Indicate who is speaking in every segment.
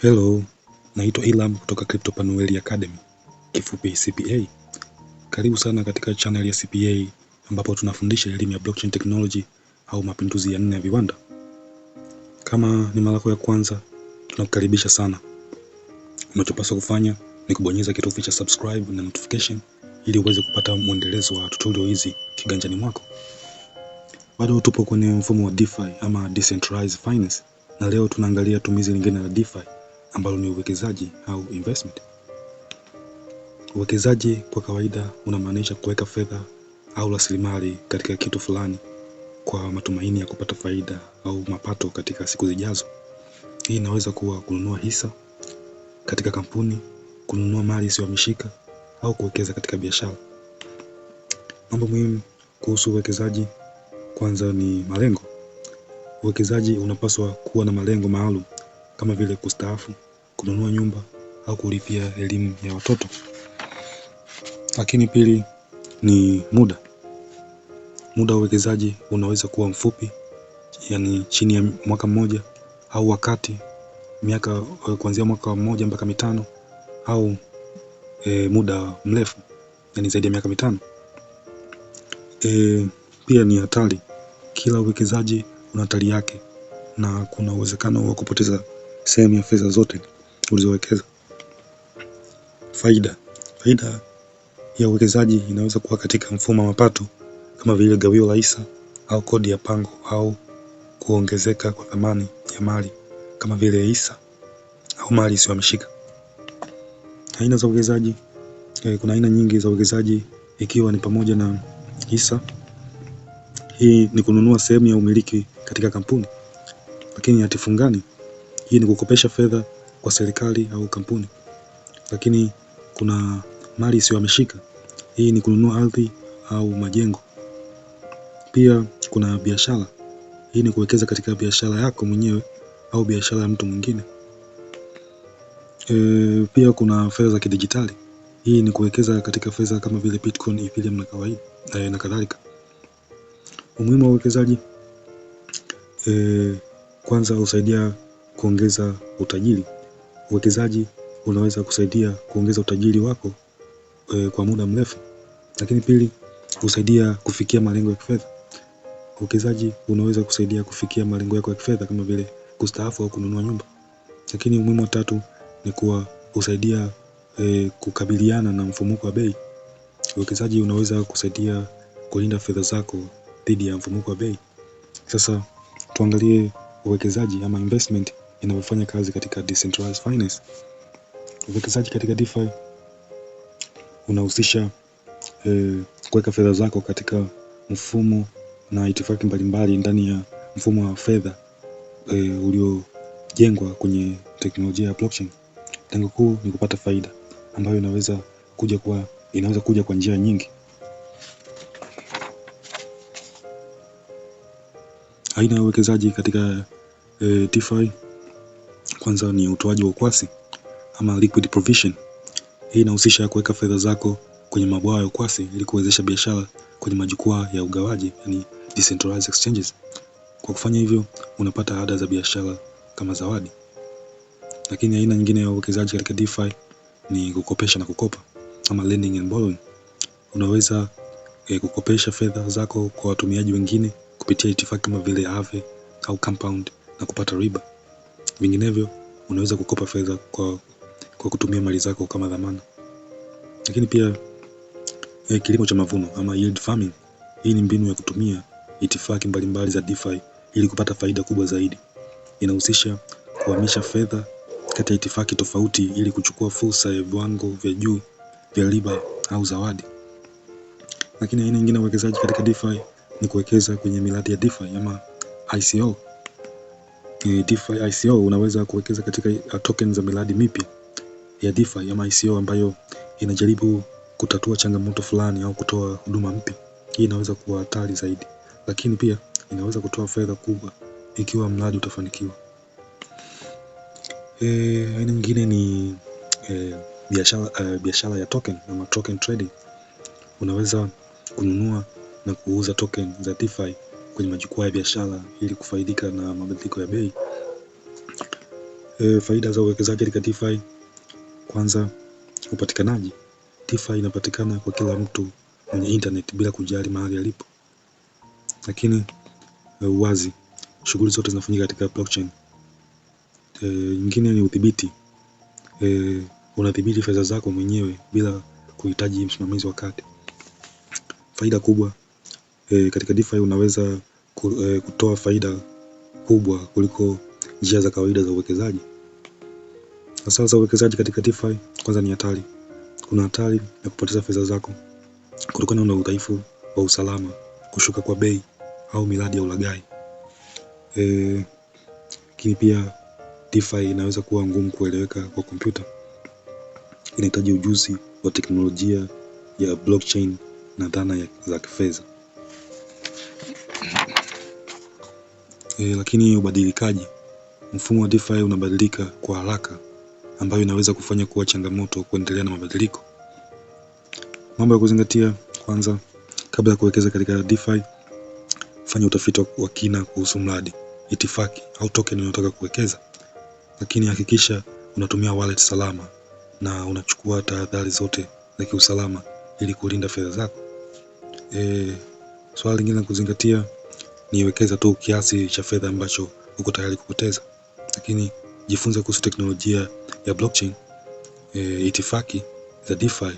Speaker 1: Hello, naitwa Ilam kutoka Crypto Panueli Academy, kifupi CPA. Karibu sana katika channel ya CPA ambapo tunafundisha elimu ya blockchain technology au mapinduzi ya nne ya viwanda. Kama ni mara yako ya kwanza, tunakukaribisha sana. Unachopaswa kufanya ni kubonyeza kitufe cha subscribe na notification ili uweze kupata mwendelezo wa tutorial hizi kiganjani mwako. Bado tupo kwenye mfumo wa DeFi ama decentralized finance, na leo tunaangalia tumizi lingine la DeFi ambalo ni uwekezaji au investment. Uwekezaji kwa kawaida unamaanisha kuweka fedha au rasilimali katika kitu fulani kwa matumaini ya kupata faida au mapato katika siku zijazo. Hii inaweza kuwa kununua hisa katika kampuni, kununua mali isiyohamishika au kuwekeza katika biashara. Mambo muhimu kuhusu uwekezaji, kwanza ni malengo. Uwekezaji unapaswa kuwa na malengo maalum kama vile kustaafu, kununua nyumba au kulipia elimu ya watoto. Lakini pili ni muda. Muda wa uwekezaji unaweza kuwa mfupi, yani chini ya mwaka mmoja au wakati miaka eh, kuanzia mwaka mmoja mpaka mitano au e, muda mrefu yani zaidi ya miaka mitano. E, pia ni hatari. Kila uwekezaji una hatari yake na kuna uwezekano wa kupoteza sehemu ya fedha zote ulizowekeza. Faida. Faida ya uwekezaji inaweza kuwa katika mfumo wa mapato kama vile gawio la hisa au kodi ya pango au kuongezeka kwa thamani ya mali kama vile hisa au mali isiyohamishika. Aina za uwekezaji. Eh, kuna aina nyingi za uwekezaji ikiwa ni pamoja na hisa. Hii ni kununua sehemu ya umiliki katika kampuni, lakini hatifungani hii ni kukopesha fedha kwa serikali au kampuni. Lakini kuna mali isiyohamishika. Hii ni kununua ardhi au majengo. Pia kuna biashara. Hii ni kuwekeza katika biashara yako mwenyewe au biashara ya mtu mwingine. E, pia kuna fedha za kidijitali. Hii ni kuwekeza katika fedha kama vile Bitcoin, Ethereum na kawaida na kadhalika. Umuhimu wa uwekezaji e, kwanza husaidia kuongeza utajiri. Uwekezaji unaweza kusaidia kuongeza utajiri wako e, kwa muda mrefu. Lakini pili, husaidia kufikia malengo ya kifedha. Uwekezaji unaweza kusaidia kufikia malengo yako ya kifedha kama vile kustaafu au kununua nyumba. Lakini umuhimu wa tatu ni kuwa husaidia e, kukabiliana na mfumuko wa bei. Uwekezaji unaweza kusaidia kulinda fedha zako dhidi ya mfumuko wa bei. Sasa tuangalie uwekezaji ama investment inavyofanya kazi katika decentralized finance. Uwekezaji katika DeFi unahusisha eh, kuweka fedha zako katika mfumo na itifaki mbalimbali ndani ya mfumo wa fedha eh, uliojengwa kwenye teknolojia ya blockchain. Lengo kuu ni kupata faida ambayo inaweza kuja kwa inaweza kuja kwa njia nyingi. Aina ya uwekezaji katika eh, DeFi kwanza ni utoaji wa ukwasi ama liquid provision. Hii inahusisha kuweka fedha zako kwenye mabwawa ya ukwasi ili kuwezesha biashara kwenye majukwaa ya ugawaji, yani decentralized exchanges. Kwa kufanya hivyo, unapata ada za biashara kama zawadi. Lakini aina nyingine ya uwekezaji katika DeFi ni kukopesha na kukopa ama lending and borrowing. Unaweza eh, kukopesha fedha zako kwa watumiaji wengine kupitia itifaki kama vile Aave au Compound na kupata riba. Vinginevyo, unaweza kukopa fedha kwa, kwa kutumia mali zako kama dhamana. Lakini pia eh, kilimo cha mavuno ama yield farming, hii ni mbinu ya kutumia itifaki mbalimbali za DeFi ili kupata faida kubwa zaidi. Inahusisha kuhamisha fedha kati ya itifaki tofauti ili kuchukua fursa ya viwango vya juu vya riba au zawadi. Lakini aina nyingine ya uwekezaji katika DeFi ni kuwekeza kwenye miradi ya DeFi ama ICO E, DeFi ICO unaweza kuwekeza katika uh, token za miradi mipya ya DeFi ama ICO ambayo inajaribu kutatua changamoto fulani au kutoa huduma mpya. Hii inaweza kuwa hatari zaidi, lakini pia inaweza kutoa fedha kubwa ikiwa mradi utafanikiwa. Eh, aina nyingine ni e, biashara e, biashara ya token ama token trading. Unaweza kununua na kuuza token za DeFi kwenye majukwaa ya biashara ili kufaidika na mabadiliko ya bei. E, faida za uwekezaji katika DeFi. Kwanza, upatikanaji. DeFi inapatikana kwa kila mtu kwenye internet bila kujali mahali alipo. Lakini e, uwazi, shughuli zote zinafanyika katika blockchain. E, nyingine ni udhibiti. E, unadhibiti fedha zako mwenyewe bila kuhitaji msimamizi wa kati. Faida kubwa e, katika DeFi unaweza ku, e, kutoa faida kubwa kuliko njia za kawaida za uwekezaji. Sasa za uwekezaji katika DeFi, kwanza ni hatari. Kuna hatari ya kupoteza fedha zako kutokana na udhaifu wa usalama, kushuka kwa bei au miradi ya ulaghai. E, lakini pia DeFi inaweza kuwa ngumu kueleweka kwa kompyuta. Inahitaji ujuzi wa teknolojia ya blockchain na dhana za kifedha. e, lakini ubadilikaji, mfumo wa DeFi unabadilika kwa haraka, ambayo inaweza kufanya kuwa changamoto kuendelea na mabadiliko. Mambo ya kuzingatia: kwanza, kabla ya kuwekeza katika DeFi, fanya utafiti wa kina kuhusu mradi, itifaki au token unayotaka kuwekeza, lakini hakikisha unatumia wallet salama na unachukua tahadhari zote za kiusalama ili kulinda fedha zako. E, eh, swala lingine la kuzingatia niwekeza tu kiasi cha fedha ambacho uko tayari kupoteza, lakini jifunze kuhusu teknolojia ya blockchain, e, itifaki za DeFi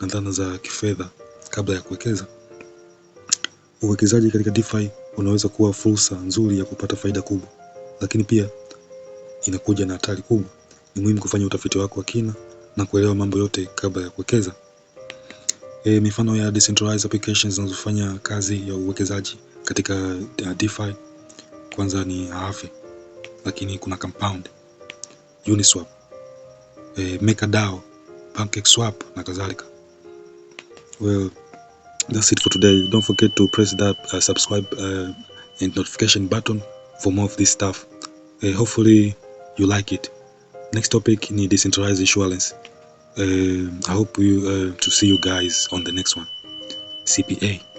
Speaker 1: na dhana za kifedha kabla ya kuwekeza. Uwekezaji katika DeFi unaweza kuwa fursa nzuri ya kupata faida kubwa, lakini pia inakuja na hatari kubwa. Ni muhimu kufanya utafiti wako wa kina na kuelewa mambo yote kabla ya kuwekeza. E, mifano ya decentralized applications zinazofanya kazi ya uwekezaji katika uh, DeFi kwanza ni Aave, lakini kuna Compound, Uniswap, e, MakerDAO, PancakeSwap na kadhalika. Well, that's it for today. Don't forget to press that uh, subscribe uh, and notification button for more of this stuff. Uh, hopefully you like it. Next topic ni decentralized insurance. Uh, I hope you, uh, to see you guys on the next one. CPA.